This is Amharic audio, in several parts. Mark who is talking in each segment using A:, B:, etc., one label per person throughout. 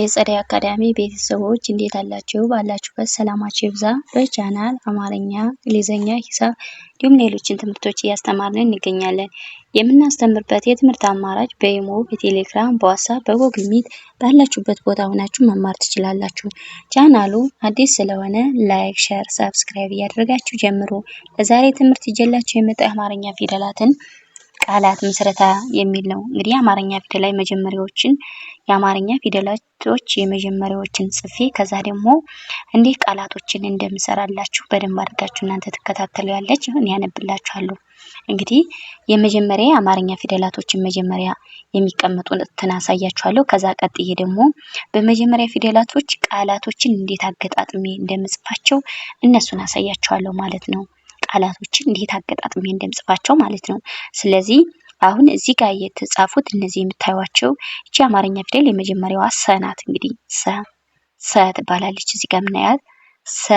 A: የፀደይ አካዳሚ ቤተሰቦች እንዴት አላችሁ? ባላችሁበት ሰላማችሁ ይብዛ። በቻናል አማርኛ፣ እንግሊዝኛ፣ ሂሳብ እንዲሁም ሌሎችን ትምህርቶች እያስተማርን እንገኛለን። የምናስተምርበት የትምህርት አማራጭ በኢሞ፣ በቴሌግራም፣ በዋትሳፕ፣ በጎግል ሚት ባላችሁበት ቦታ ሆናችሁ መማር ትችላላችሁ። ቻናሉ አዲስ ስለሆነ ላይክ፣ ሸር፣ ሰብስክራይብ እያደረጋችሁ ጀምሩ። ለዛሬ ትምህርት ይዤላችሁ የመጣ የአማርኛ ፊደላትን ቃላት ምስረታ የሚል ነው። እንግዲህ የአማርኛ ላይ መጀመሪያዎችን የአማርኛ ፊደላቶች የመጀመሪያዎችን ጽፌ ከዛ ደግሞ እንዴት ቃላቶችን እንደምሰራላችሁ በደንብ አድርጋችሁ እናንተ ትከታተሉ ያለች እኔ ያነብላችኋለሁ። እንግዲህ የመጀመሪያ የአማርኛ ፊደላቶችን መጀመሪያ የሚቀመጡትን አሳያችኋለሁ። ከዛ ቀጥዬ ደግሞ በመጀመሪያ ፊደላቶች ቃላቶችን እንዴት አገጣጥሜ እንደምጽፋቸው እነሱን አሳያችኋለሁ ማለት ነው። ቃላቶችን እንዴት አገጣጥሜ እንደምጽፋቸው ማለት ነው። ስለዚህ አሁን እዚህ ጋር የተጻፉት እነዚህ የምታዩቸው እቺ አማርኛ ፊደል የመጀመሪያዋ ሰ ናት። እንግዲህ ሰ ሰ ትባላለች። እዚህ ጋር የምናያት ሰ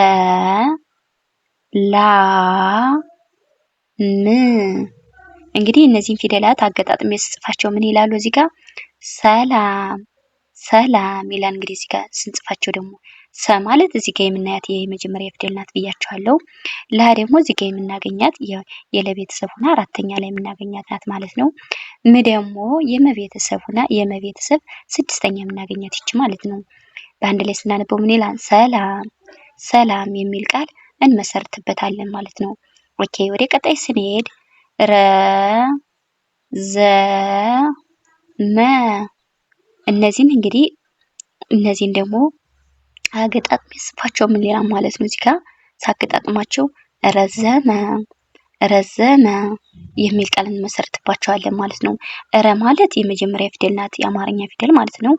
A: ላ ም እንግዲህ እነዚህን ፊደላት አገጣጥሜ ስጽፋቸው ምን ይላሉ? እዚህ ጋር ሰላም ሰላም ይላል እንግዲህ እዚህ ጋር ስንጽፋቸው ደግሞ ሰ ማለት እዚህ ጋር የምናያት የመጀመሪያ ፊደል ናት ብያቸዋለሁ። ለሀ ደግሞ እዚህ ጋር የምናገኛት የለቤተሰብ ሆና አራተኛ ላይ የምናገኛት ናት ማለት ነው። ም ደግሞ የመቤተሰብ ሆና የመቤተሰብ ስድስተኛ የምናገኛት ይች ማለት ነው። በአንድ ላይ ስናነበው ምን ይላል? ሰላም ሰላም የሚል ቃል እንመሰርትበታለን ማለት ነው። ኦኬ ወደ ቀጣይ ስንሄድ ረ ዘ መ እነዚህን እንግዲህ እነዚህን ደግሞ አገጣጥሜ ስፋቸው ምን ሌላ ማለት ነው። እዚህ ሳገጣጥማቸው ረዘመ ረዘመ የሚል ቃል እንመሰርትባቸዋለን ማለት ነው። ረ ማለት የመጀመሪያ ፊደል ናት፣ የአማርኛ ፊደል ማለት ነው።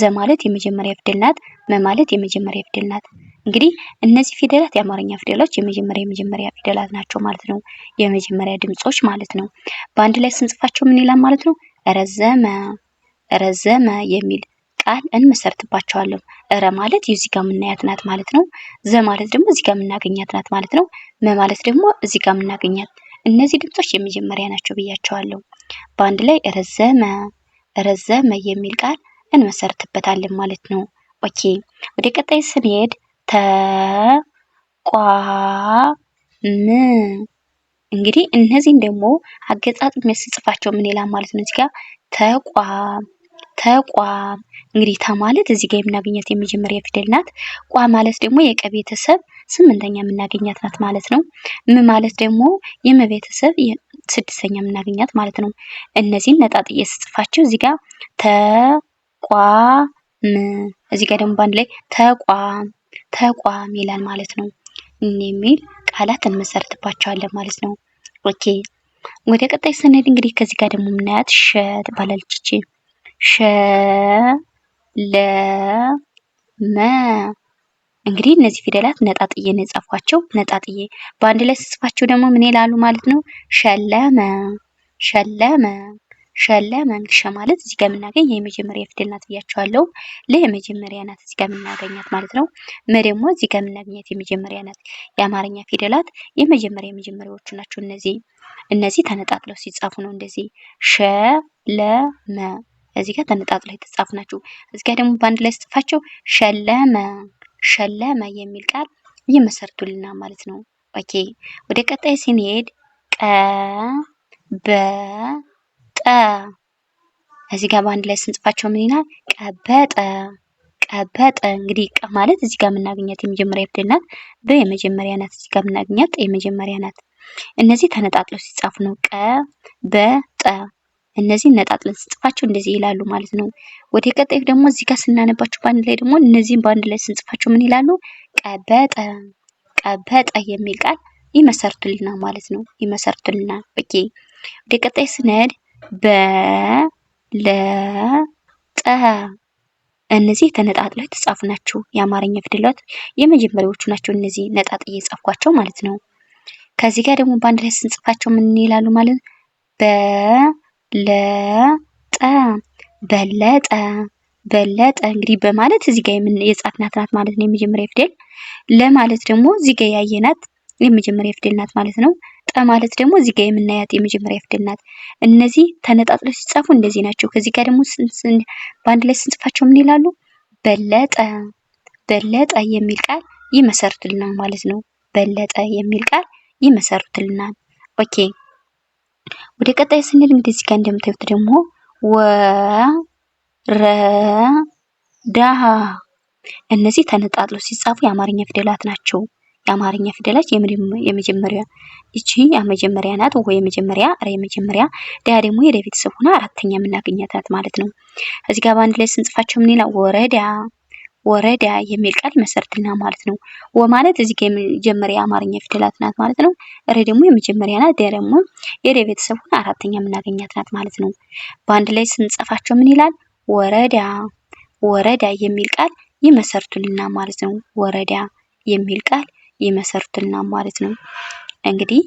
A: ዘ ማለት የመጀመሪያ ፊደል ናት፣ መ ማለት የመጀመሪያ ፊደል ናት። እንግዲህ እነዚህ ፊደላት የአማርኛ ፊደሎች የመጀመሪያ የመጀመሪያ ፊደላት ናቸው ማለት ነው። የመጀመሪያ ድምጾች ማለት ነው። በአንድ ላይ ስንጽፋቸው ምን ይላል ማለት ነው? ረዘመ ረዘመ የሚል ቃል እንመሰርትባቸዋለን። እረ ማለት እዚህ ጋር የምናያት ናት ማለት ነው። ዘ ማለት ደግሞ እዚህ ጋር የምናገኛት ናት ማለት ነው። መ ማለት ደግሞ እዚህ ጋር የምናገኛት። እነዚህ ድምጾች የመጀመሪያ ናቸው ብያቸዋለሁ። በአንድ ላይ ረዘመ ረዘመ የሚል ቃል እንመሰርትበታለን ማለት ነው። ኦኬ ወደ ቀጣይ ስንሄድ ም እንግዲህ እነዚህን ደግሞ አገጣጥሜ ስጽፋቸው ምን ይላል ማለት ነው እዚህ ጋር ተቋም ተቋም እንግዲህ ታ ማለት እዚህ ጋር የምናገኛት የመጀመሪያ ፊደል ናት። ቋ ማለት ደግሞ የቀ ቤተሰብ ስምንተኛ የምናገኛት ናት ማለት ነው። ም ማለት ደግሞ የመ ቤተሰብ ስድስተኛ የምናገኛት ማለት ነው። እነዚህን ነጣጥዬ ስጽፋቸው እዚህ ጋር ተቋም፣ እዚህ ጋር ደግሞ በአንድ ላይ ተቋም ተቋም ይላል ማለት ነው። የሚል ቃላት እንመሰርትባቸዋለን ማለት ነው። ኦኬ ወደ ቀጣይ ስንሄድ እንግዲህ ከዚህ ጋር ደግሞ የምናያት ሸ ትባላለች። ሸ፣ ለ፣ መ እንግዲህ እነዚህ ፊደላት ነጣጥዬ ነው የጻፏቸው። ነጣጥዬ በአንድ ላይ ስጽፋቸው ደግሞ ምን ይላሉ ማለት ነው? ሸለመ ሸለመ ሸለመ። ሸ ማለት እዚህ ጋር የምናገኝ የመጀመሪያ ፊደል ናት ብያቸዋለሁ። ለ የመጀመሪያ ናት እዚህ ጋር የምናገኛት ማለት ነው። መ ደግሞ እዚህ ጋር የምናገኛት የመጀመሪያ ናት። የአማርኛ ፊደላት የመጀመሪያ የመጀመሪያዎቹ ናቸው። እነዚህ እነዚህ ተነጣጥለው ሲጻፉ ነው እንደዚህ ሸለመ እዚህ ጋር ተነጣጥለው የተጻፉ ናቸው። እዚህ ጋር ደግሞ በአንድ ላይ ስጽፋቸው ሸለመ ሸለመ የሚል ቃል ይመሰርቱልና ማለት ነው። ኦኬ ወደ ቀጣይ ስንሄድ ቀ በ ጠ እዚህ ጋር በአንድ ላይ ስንጽፋቸው ምን ይላል? ቀበጠ ቀበጠ። እንግዲህ ቀ ማለት እዚህ ጋር የምናገኛት የመጀመሪያ ፊደል ናት። በ የመጀመሪያ ናት። እዚህ ጋር የምናገኛት የመጀመሪያ ናት። እነዚህ ተነጣጥለው ሲጻፉ ነው ቀ በ ጠ እነዚህን ነጣጥለን ስንጽፋቸው እንደዚህ ይላሉ ማለት ነው። ወደ ቀጣይ ደግሞ እዚህ ጋር ስናነባቸው በአንድ ላይ ደግሞ እነዚህን በአንድ ላይ ስንጽፋቸው ምን ይላሉ? ቀበጠ ቀበጠ የሚል ቃል ይመሰርቱልናል ማለት ነው። ይመሰርቱልናል። ኦኬ ወደ ቀጣይ ስንሄድ በለጠ እነዚህ ተነጣጥለው የተጻፉ ናቸው። የአማርኛ ፊደላት የመጀመሪያዎቹ ናቸው። እነዚህ ነጣጥዬ የጻፍኳቸው ማለት ነው። ከዚህ ጋር ደግሞ በአንድ ላይ ስንጽፋቸው ምን ይላሉ ማለት በ ለጠ በለጠ በለጠ እንግዲህ በማለት እዚህ ጋር የጻፍናት ናት ማለት ነው። የመጀመሪያ ፊደል ለማለት ደግሞ እዚህ ጋር ያየናት የመጀመሪያ ፊደል ናት ማለት ነው። ጠ ማለት ደግሞ እዚህ ጋር የምናያት የመጀመሪያ ፊደል ናት። እነዚህ ተነጣጥለው ሲጻፉ እንደዚህ ናቸው። ከዚህ ጋር ደግሞ በአንድ ላይ ስንጽፋቸው ምን ይላሉ? በለጠ በለጠ የሚል ቃል ይመሰርትልናል ማለት ነው። በለጠ የሚል ቃል ይመሰርትልናል። ኦኬ ወደ ቀጣይ ስንል እንግዲህ እዚህ ጋር እንደምታዩት ደግሞ ዳ እነዚህ ተነጣጥሎ ሲጻፉ የአማርኛ ፊደላት ናቸው። የአማርኛ ፊደላት የመጀመሪያ እቺ የመጀመሪያ ናት። ወ የመጀመሪያ፣ ረ የመጀመሪያ፣ ዳ ደግሞ የደ ቤተሰብ ሆና አራተኛ የምናገኛት ናት ማለት ነው። እዚህ ጋር በአንድ ላይ ስንጽፋቸው ምን ይላል? ወረዳ ወረዳ የሚል ቃል መሰረትና ማለት ነው። ወ ማለት እዚህ ጋ የመጀመሪያ የአማርኛ ፊደላት ናት ማለት ነው። ረ ደግሞ የመጀመሪያ ናት። ደ ደግሞ የደ ቤተሰብ ሆነ አራተኛ የምናገኛት ናት ማለት ነው። በአንድ ላይ ስንጽፋቸው ምን ይላል? ወረዳ ወረዳ የሚል ቃል ይመሰርቱልና ማለት ነው። ወረዳ የሚል ቃል ይመሰርቱልና ማለት ነው። እንግዲህ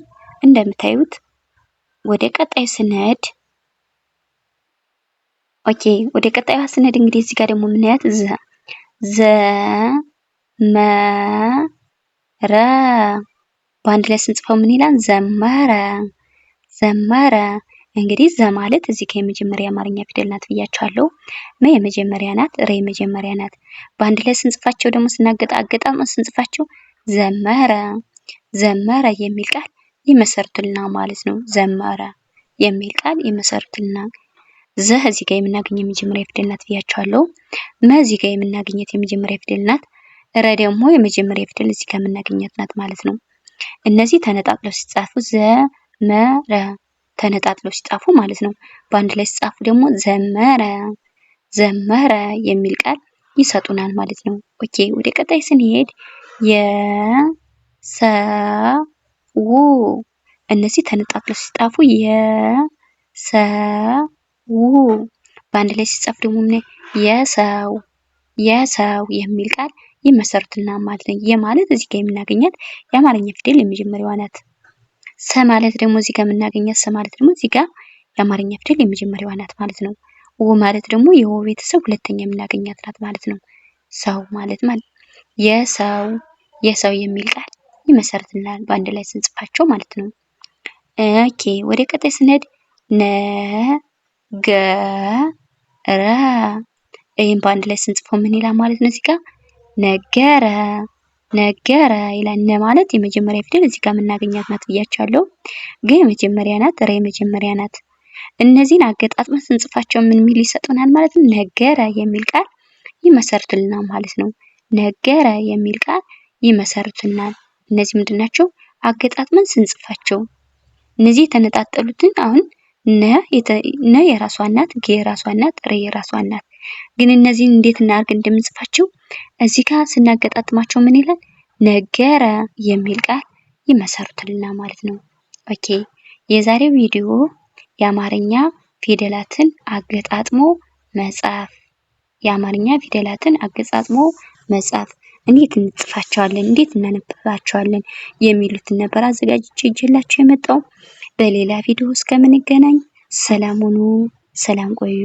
A: እንደምታዩት ወደ ቀጣዩ ስንሄድ ኦኬ፣ ወደ ቀጣዩ ስንሄድ እንግዲህ እዚህ ጋር ደግሞ የምናያት ዘ-መ-ረ በአንድ ላይ ስንጽፈው ምን ይላል? ዘመረ ዘመረ። እንግዲህ ዘ ማለት እዚህ ጋር የመጀመሪያ የአማርኛ ፊደል ናት ብያቸዋለሁ። መ የመጀመሪያ ናት፣ ረ የመጀመሪያ ናት። በአንድ ላይ ስንጽፋቸው ደግሞ ስናገጣገጣ ስንጽፋቸው ዘመረ ዘመረ የሚል ቃል ይመሰርቱልናል ማለት ነው። ዘመረ የሚል ቃል ይመሰርቱልናል። ዘህ እዚህ ጋር የምናገኘው የመጀመሪያ ፊደል ናት ብያቸዋለሁ። መ እዚህ ጋር የምናገኘት የመጀመሪያ ፊደል ናት። ረ ደግሞ የመጀመሪያ ፊደል እዚህ ጋር የምናገኘት ናት ማለት ነው። እነዚህ ተነጣጥለው ሲጻፉ ዘመረ ተነጣጥለው ሲጻፉ ማለት ነው። በአንድ ላይ ሲጻፉ ደግሞ ዘመረ ዘመረ የሚል ቃል ይሰጡናል ማለት ነው። ኦኬ ወደ ቀጣይ ስንሄድ ው እነዚህ ተነጣጥለው ሲጻፉ የሰ ው በአንድ ላይ ሲጻፍ ደግሞ ምን የሰው የሰው የሚል ቃል ይመሰርትና ማለት ነው። የ ማለት እዚህ ጋር የምናገኛት የአማርኛ ፊደል የመጀመሪያዋ ናት። ሰ ማለት ደግሞ እዚህ ጋር የምናገኛት ሰ ማለት ደግሞ እዚህ ጋር የአማርኛ ፊደል የመጀመሪያዋ ናት ማለት ነው። ው ማለት ደግሞ የወ ቤተሰብ ሁለተኛ የምናገኛት ናት ማለት ነው። ሰው ማለት ማለት የሰው የሰው የሚል ቃል ይመሰርትና በአንድ ላይ ስንጽፋቸው ማለት ነው። ኦኬ ወደ ቀጣይ ስንሄድ ነ ገ-ረ ይህም በአንድ ላይ ስንጽፎ ምን ይላል ማለት ነው እዚህ ጋር ነገረ ነገረ ይላል። ነ ማለት የመጀመሪያ ፊደል እዚህ ጋር የምናገኛት ናት ብያቸዋለሁ። ገ የመጀመሪያ ናት፣ ረ የመጀመሪያ ናት። እነዚህን አገጣጥመን ስንጽፋቸው ምን የሚል ይሰጡናል ማለት ነው? ነገረ የሚል ቃል ይመሰርቱልናል ማለት ነው። ነገረ የሚል ቃል ይመሰርቱልናል። እነዚህ ምንድን ናቸው? አገጣጥመን ስንጽፋቸው እነዚህ የተነጣጠሉትን አሁን ነ የራሷ እናት፣ ጌ የራሷ እናት ሬ የራሷ ናት። ግን እነዚህን እንዴት እናድርግ እንደምንጽፋቸው እዚህ ጋር ስናገጣጥማቸው ምን ይላል? ነገረ የሚል ቃል ይመሰርቱልና ማለት ነው። ኦኬ የዛሬው ቪዲዮ የአማርኛ ፊደላትን አገጣጥሞ መጻፍ የአማርኛ ፊደላትን አገጣጥሞ መጻፍ እንዴት እንጽፋቸዋለን፣ እንዴት እናነብባቸዋለን የሚሉትን ነበር አዘጋጅቼ ይዤላችሁ የመጣው። በሌላ ቪዲዮ እስከምንገናኝ ሰላም ሁኑ። ሰላም ቆዩ።